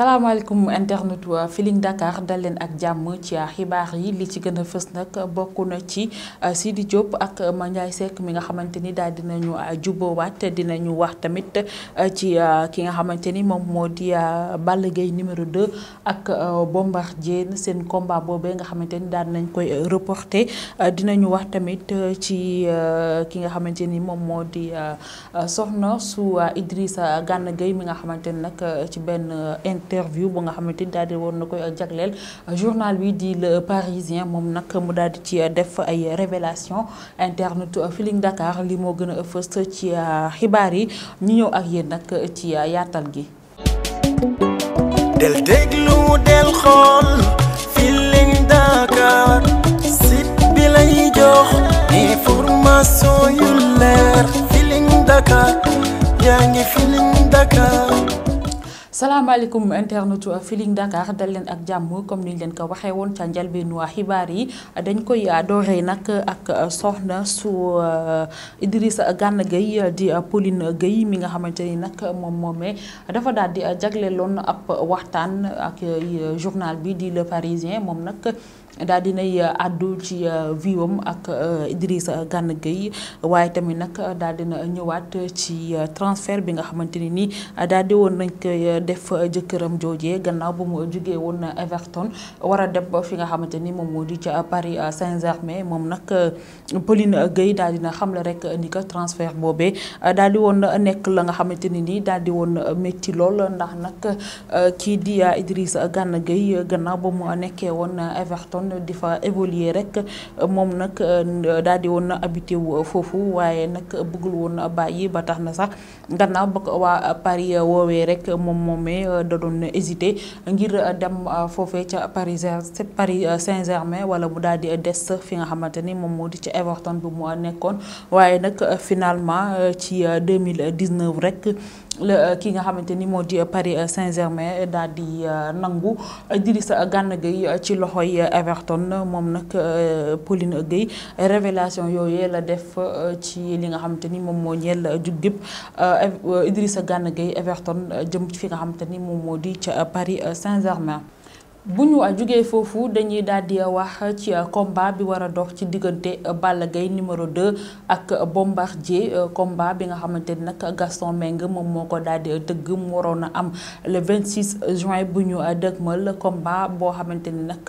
salaamaaleykum internet waa Feeling Dakar dal leen ak jàmm ci xibaar yi li ci gën fës nag bokk na ci euh, Sidi Diop ak Mandiaye Seck mi nga xamante ni daal dinañu euh, jubbowaat dinañu wax tamit euh, ci ki nga xamante ni moom moo di Balla Gaye numéro 2 ak Bombardier seen combat boobee nga xamante ni daal nañ koy dina ñu wax tamit ci ki nga xamante ni moom moo di soxna su Idrissa gànn Gueye mi nga xamante ni nag ci benn. interview bu nga xamante ni daal di woon na koy jagleel journal bi di le parisien moom nag mu daal di ci def ay révélation internet Feeling Dakar li moo gën a fës ci xibaar yi ñu ñëw ak yéen nag ci yaatal gi del déglu del xool Feeling Dakar site bi lay jox information yu leer Feeling Dakar yaa ngi Feeling Dakar salaamaaleykum internetu Feeling Dakar dal leen ak jàmm comme ni ñu leen ko waxe woon ca njëlbeenu xibaar yi dañ koy dooree nag ak soxna su uh, Idrissa Gana Gueye di Pauline Gueye mi nga xamante ni nag moom moomee dafa daal di jagle jagleeloon ab waxtaan ak uh, journal bi di Le Parisien moom nag. daal nay uh, àddu ci uh, viwam ak uh, Idrissa Gana Gueye waaye tamit nag daal na ñëwaat ci transfert bi nga xamante ni nii daal di woon nañ koy def jëkkëram joojee gannaaw bu mu jógee woon Everton war a dem fi nga xamante ni moom moo di ca Paris Saint-Germain moom nag Pauline Gueye daal xam la rek ni ko transfert boobe daal di woon nekk la nga xamante ni nii daal di woon métti lool ndax nag kii di Idrissa Gana Gueye gannaaw ba mu nekkee woon Everton woon di fa évoluer rek moom nag euh, daldi woon na habité wu euh, foofu waaye nag bëggul woon bàyyi ba tax na sax gannaaw ba ko waa Paris euh, woowee rek moom moomee da doon hésité ngir dem foofee ca Paris Paris Saint-Germain wala mu daal di des fi nga xamante ni moom moo di ci Everton bi mu nekkoon waaye nag finalement ci mille 2019 rek la euh, ki nga xamante ni moo di euh, Paris euh, Saint-Germain daal di nangu Idrissa Gana Gueye ci loxoy Everton moom nag Pauline Gueye révélation yooyu la def ci li nga xamante ni moom moo ñeel jug gépp Idrissa Gana gey Everton jëm fi nga xamante ni moom moo di ca Paris Saint-Germain bu ñu jógee foofu dañuy daal di wax ci combat bi war a dox ci diggante Balla gay numéro 2 ak Bombardier euh, combat bi nga xamante ni nag Gaston Mbengue moom moo ko daal dëgg mu waroon a am le 26 juin bu ñu dëgmal combat boo xamante ni nag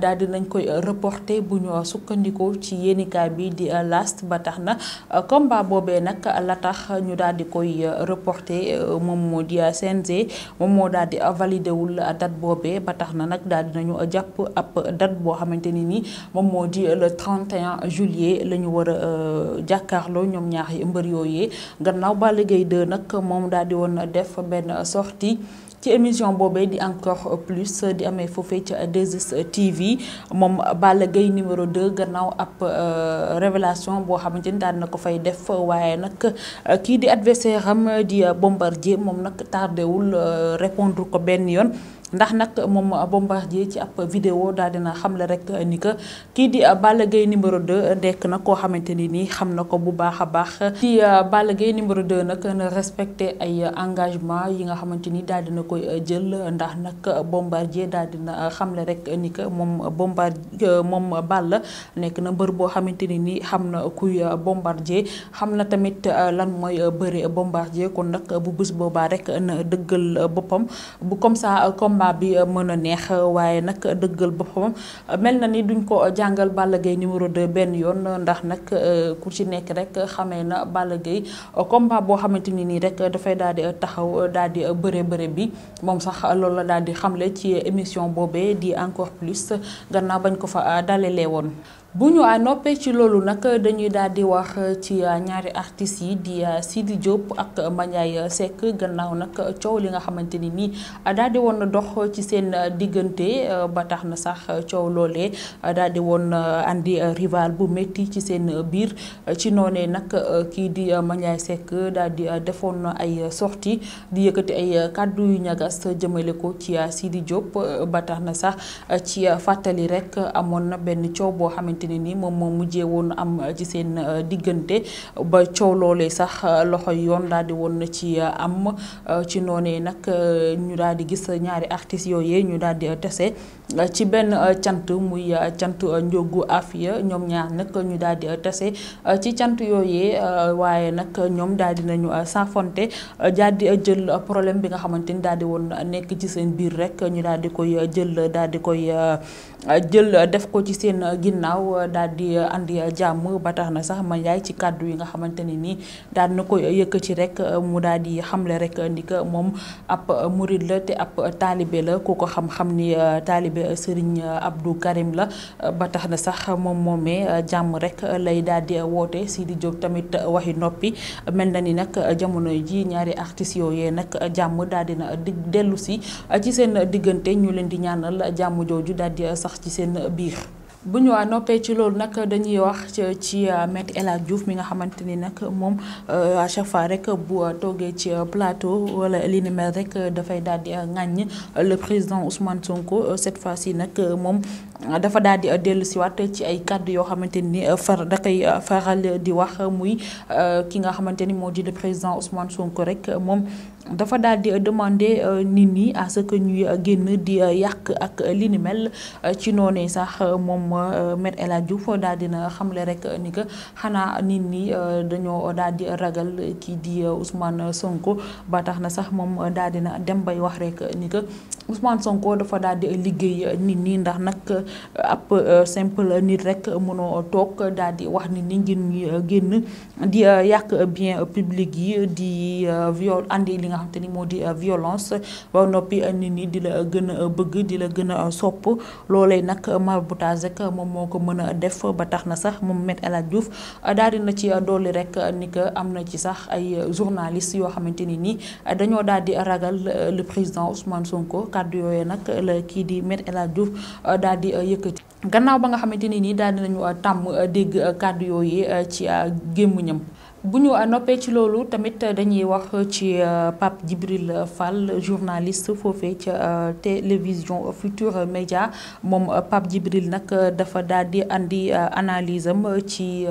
daal di nañ koy reporter bu ñu sukkandikoo ci yéenikaay bi di last ba tax na combat boobee nag la tax ñu daal di koy reporter euh, moom moo di CNG moom moo daal di validé wul date boobee ba tax na. na nag daal nañu jàpp ab date boo xamante ni nii moom moo di le 31 juillet la ñu war a euh, jàkkaarloo ñoom yi mbër yooyee gannaaw Balla Gaye 2 nag moom daal di woon def benn sortie ci émission boobee di encore plus di amee foofee ca 2STV moom Balla Gaye numéro 2 gannaaw ab euh, révélation boo xamante ni daal na ko fay def waaye nag euh, kii di adversaire am di Bombardier moom nag tardewul répondre ko benn yoon ndax nag moom bombardier ci ab vidéo daal dina xamle rek ni que kii di Balla Gaye numéro de dekk na koo xamante ni nii xam na ko bu baax a baax ci euh, Balla Gaye numéro de nag na respecté ay engagement yi nga xamante ni daal dina koy jël ndax nag bombardier daal na xamle rek ni que moom bombardier euh, moom Balla nekk na mbër boo xamante ni nii xam na kuy bombardier xam na tamit euh, lan mooy bëre bombardier kon nag bu bés boobaa rek na dëggal boppam comme ça combat combat bi euh, mën a neex euh, waaye nag dëggal boppam euh, mel na ni duñ ko jàngal Balla Gaye numéro de benn yoon ndax nag ku ci nekk rek xamee na Balla Gaye combat boo xamante ni nii rek dafay daal di taxaw daal di bëre bëre bi moom sax loolu la daal di xamle ci émission boobee di encore plus gannaaw bañ ko fa dalalee woon. bu ñu ah, noppee ci loolu nag dañuy daal di wax ah, ci ah, ñaari artistes yi di Sidi Diop ak Mandiaye Seck gannaaw nag coow li nga xamante ni nii daal di woon dox ci seen diggante ba tax na sax coow loole daal di woon andi rival bu métti ci seen biir ci noonee nag kii di Mandiaye Seck daal di defoon ay sortie di yëkkati ay kàddu yu ñagas jëmale ko ci Sidi Diop ba tax na sax ci fàttali rek amoon na benn coow boo xamante xamante ne moom moo mujjee woon am uh, ci seen uh, diggante uh, ba coow loolee sax loxo yoon daal di woon na ci am ci noonee nag ñu daal di gis ñaari artistes yooyee ñu daal di tese. ci benn euh, cant muy euh, cant euh, njógu afiya ñoom ñaar nag ñu daal di tase ci cant yooyee waaye nag ñoom daal di nañu saafonte daal di jël problème bi nga xamante ni daal di woon nekk ci seen biir rek ñu daal di koy jël daal di koy jël def ko ci seen ginnaaw daal di andi jàmm ba tax na sax ma yaay ci kàddu yi nga xamante ni nii daal na koy yëkkati rek mu daal di xamle rek ni que moom ab murid la te ab taalibe la ku ko xam-xam ni taalibe taalibe Serigne abdu Karim la ba tax na sax moom moomee jàmm rek lay daal di woote di jóg tamit waxi noppi mel na ni nag jamono ji ñaari artistes yooyee nag jàmm daal di na dig dellu si ci seen diggante ñu leen di ñaanal jàmm jooju daal di sax ci seen biir. bu ñu waa ah, noppee ci loolu nag dañuy wax ci ah, maître El Hadj Diouf mi nga xamante ni nag moom euh, à chaque fois rek bu euh, toogee ci euh, plateau wala li rek dafay daal di ŋàññ le président Ousmane Sonko cette fois nag moom dafa daal di dellu siwaat ci ay kàddu yoo xamante ni far da koy faral di wax muy ki nga xamante ni moo di président Ousmane Sonko rek moom dafa daal di demander nit ñi à ce que ñuy génn di yàq ak li ci noonee sax moom. ma euh, Me El Hadji Diouf daal dina xamle rek ni que xanaa nit ñi euh, dañoo daal di ragal kii di euh, Ousmane Sonko ba tax na sax moom daal dina dem bay wax rek ni que Ousmane Sonko dafa daal di liggéey nit ñi ndax nag euh, ab euh, simple nit rek mënoo toog daal di wax nit ñi ngir ñu euh, génn di yàq bien publique yi di viol andi li nga xam ni moo di violence ba noppi nit ñi di la gën a bëgg di la gën a sopp loolee nag maraboutage rek moom moo ko mën a def ba tax na sax moom Me El Hadji Diouf daal di na ci dolli rek ni que am na ci sax ay journalistes yoo xamante ni nii dañoo daal di ragal le président Ousmane Sonko. kàddu yooyu nag la kii di Me El Hadji euh, daal di euh, yëkkati gannaaw ba nga xamante ni nii daal di nañu euh, tàmm dégg kàddu yooyu ci gémmiñam bu ñu noppee ci loolu tamit dañuy wax ci euh, Pape Djibril Fall journaliste foofee ca euh, télévision Futur Média moom euh, Pape Djibril nag dafa daal di andi analyse am ci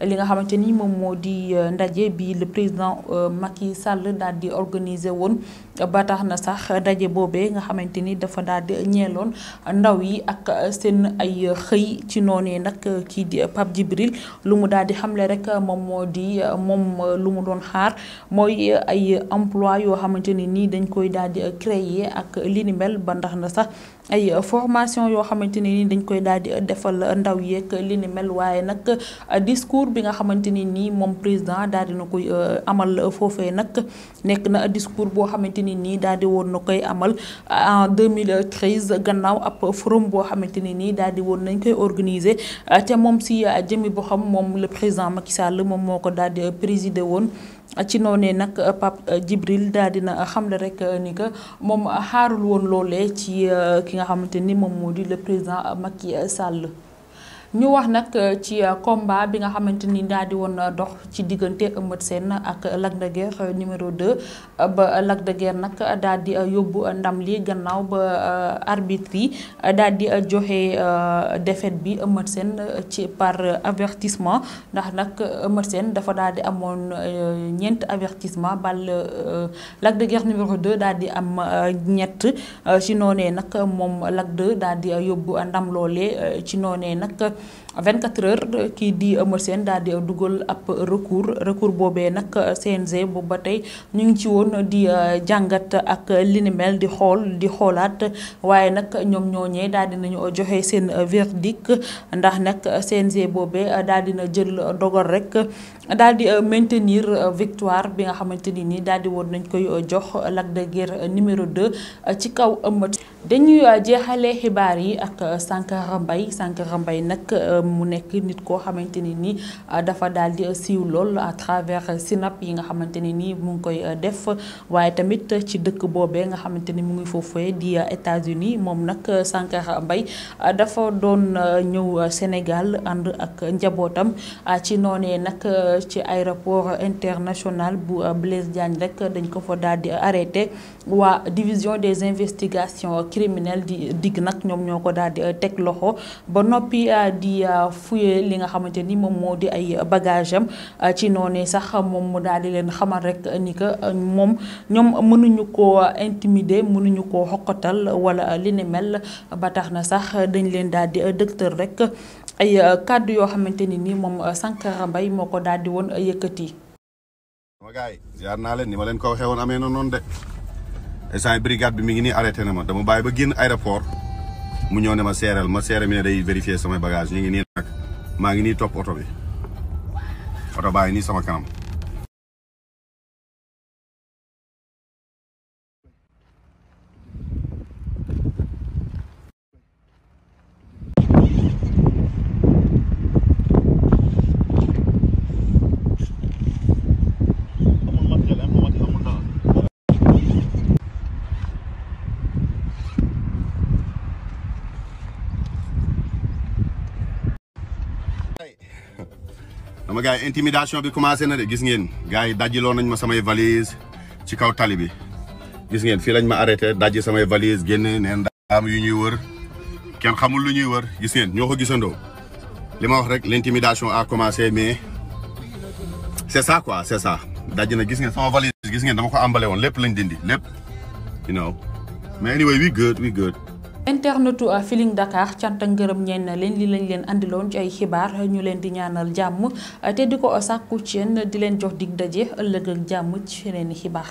li nga xamante ni moom moo di ndaje bi le président Macky Sall daal di organiser woon ba tax na sax ndaje boobe nga xamante ni dafa daal di ñeeloon ndaw yi ak seen ay xëy ci noonee nag kii di Pape Djibril lu mu daal di xamle rek moom moo di. moom euh, lu mu doon xaar mooy euh, ay emploi yoo xamante ne nii dañ koy daal di euh, créer ak li ni mel ba ndax na sax ay formation yoo xamante ne nii dañ koy daal di defal ndaw yeeg li ni mel waaye nag discours bi nga xamante ne nii moom président daal di na koy amal foofee nag nekk na discours boo xamante ne nii daal di woon na koy amal en 2013 gannaaw ab forum boo xamante ne nii daal di woon nañ koy organiser te moom si jëmi boo xam moom le président Macky Sall moom moo ko daal daal di présider woon ci noonee nag Pape Djibril daal dina xamle rek euh, ni que moom xaarul woon loole ci euh, ki nga xamante ni moom moo di le président Macky Sall. ñu wax nag euh, ci euh, combat bi nga xamante ni daal di woon euh, dox ci diggante Eumeu Sène ak Lac de Guiers numéro 2 ba Lac de nag daal di yóbbu ndam li gannaaw ba arbitre yi daal di joxe défaite bi Eumeu Sène ci par avertissement ndax nag Eumeu Sène dafa daal di amoon ñeent avertissement bal Lac de Guiers numéro 2 daal di am ñett ci noonee nag moom Lac 2 daal di yóbbu ndam loolee ci noonee nag. 24 heures kii di Eumeu seen daal di dugal ab recours recours boobee nag CNG boobu ba tey ñu ngi ci woon di euh, jàngat ak linimel di xool di xoolaat waaye nag ñoom ñooñee daal di nañu joxe seen euh, verdict ndax nag CNG boobee euh, daal na jël dogal rek daal di maintenir victoire bi nga xamante ni nii daal di woon nañ koy jox Lac de numéro 2 ci kaw Eumeu dañuy euh, jeexale xibaar yi ak euh, Sankara Mbaye Sankara Mbaye nag euh, mu nekk nit koo xamante ne ni dafa daal di siiw lool à travers sinap yi nga xamante ne ni mu ngi koy def waaye tamit ci dëkk boobee nga xamante ni mu ngi foofee di États-Unis moom nag Sankara Mbaye dafa doon ñëw Sénégal ànd ak njabootam ci noonee nag ci aéroport international bu Blaise Diagne rek dañ ko fa daal di arrêté waa division des investigations. criminel di digg nag ñoom ñoo ko daal di euh, teg loxo ba noppi euh, di euh, fuyee li nga xamante ni moom moo di ay bagage am ci noonu sax moom mu daal di leen xamal rek ni que moom ñoom mënuñu ko intimider mënuñu koo xokkatal wala li ni mel ba tax na sax dañ leen daal di dëgtër rek ay kàddu yoo xamante ni ni moom Sankara Mbaye moo ko daal di woon yëkkati. sama gars yi ziar naa leen ni ma leen ko waxee woon noonu instant brigade bi mi ngi ni arrêté na ma dama bàyyi ba génn aéroport mu ñëw ne ma seeral ma seeral mi ne day vérifier samay bagage ñu ngi nii nag maa ngi nii topp oto bi oto baa ngi nii sama kanam sama gars yi intimidation bi commencé na de gis ngeen gars yi dajiloo nañ ma samay valise ci kaw tali bi gis ngeen fii lañ ma arrêté dajji samay valise génn neen daam yu ñuy wër kenn xamul lu ñuy wër gis ngeen ñoo ko gisandoo li ma wax rek l'intimidation a commencé mais c'est ça quoi c'est ça dajji na gis ngeen sama valise gis ngeen dama ko ambale woon lépp lañ dindi lépp you mais anyway we good we good internetu Feeling Dakar cant ak ngërëm na leen li lañ leen andiloon ci ay xibaar ñu leen di ñaanal jàmm te di ko sàkku ci yéen di leen jox dig daje ëllëg al jàmm ci yeneen i xibaar.